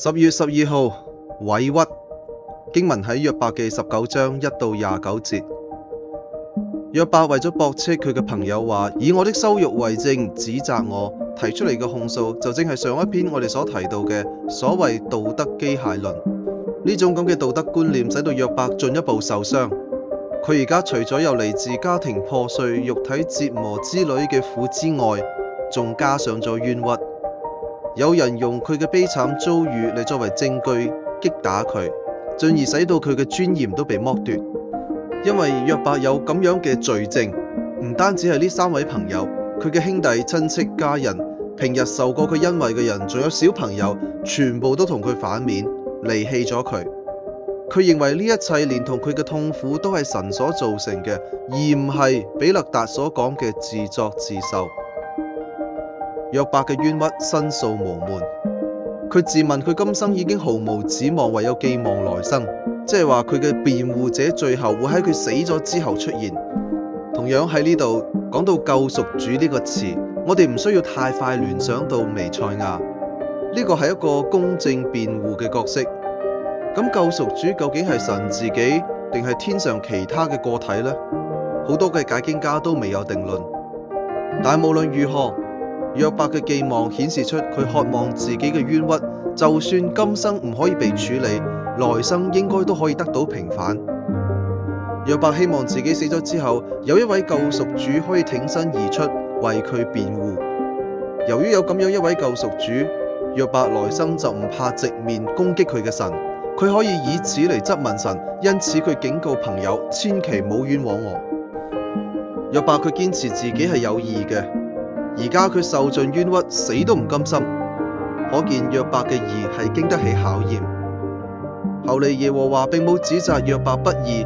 十月十二號，委屈。經文喺約伯記十九章一到廿九節。約伯為咗駁斥佢嘅朋友話，以我的羞辱為證，指責我提出嚟嘅控訴就正係上一篇我哋所提到嘅所謂道德機械論。呢種咁嘅道德觀念使到約伯進一步受傷。佢而家除咗有嚟自家庭破碎、肉體折磨之類嘅苦之外，仲加上咗冤屈。有人用佢嘅悲慘遭遇嚟作為證據擊打佢，進而使到佢嘅尊嚴都被剝奪。因為約伯有咁樣嘅罪證，唔單止係呢三位朋友，佢嘅兄弟、親戚、家人，平日受過佢恩惠嘅人，仲有小朋友，全部都同佢反面，離棄咗佢。佢認為呢一切連同佢嘅痛苦都係神所造成嘅，而唔係比勒達所講嘅自作自受。約伯嘅冤屈，申訴無門。佢自問佢今生已經毫無指望，唯有寄望來生。即係話佢嘅辯護者最後會喺佢死咗之後出現。同樣喺呢度講到救贖主呢個詞，我哋唔需要太快聯想到彌賽亞。呢個係一個公正辯護嘅角色。咁救贖主究竟係神自己，定係天上其他嘅個體呢？好多嘅解經家都未有定論。但係無論如何。約伯嘅寄望顯示出佢渴望自己嘅冤屈，就算今生唔可以被處理，來生應該都可以得到平反。約伯希望自己死咗之後，有一位救贖主可以挺身而出為佢辯護。由於有咁樣一位救贖主，約伯來生就唔怕直面攻擊佢嘅神，佢可以以此嚟質問神。因此佢警告朋友，千祈唔好冤枉我。約伯佢堅持自己係有義嘅。而家佢受盡冤屈，死都唔甘心，可見約伯嘅義係經得起考驗。後嚟耶和華並冇指責約伯不義，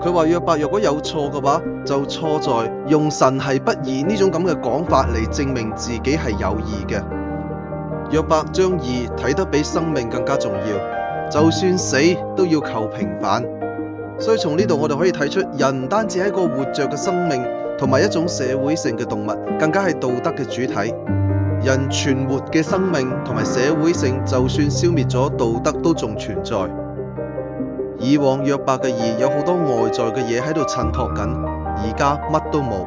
佢話約伯若果有錯嘅話，就錯在用神係不義呢種咁嘅講法嚟證明自己係有義嘅。約伯將義睇得比生命更加重要，就算死都要求平反。所以從呢度我哋可以睇出，人唔單止係一個活着嘅生命。同埋一種社會性嘅動物，更加係道德嘅主體。人存活嘅生命同埋社會性，就算消滅咗，道德都仲存在。以往約伯嘅義有好多外在嘅嘢喺度襯托緊，而家乜都冇。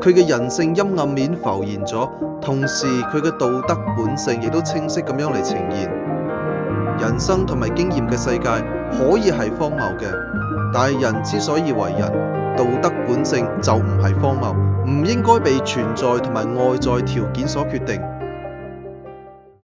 佢嘅人性陰暗面浮現咗，同時佢嘅道德本性亦都清晰咁樣嚟呈現。人生同埋經驗嘅世界可以係荒謬嘅，但係人之所以為人。道德本性就唔係荒謬，唔應該被存在同埋外在條件所決定。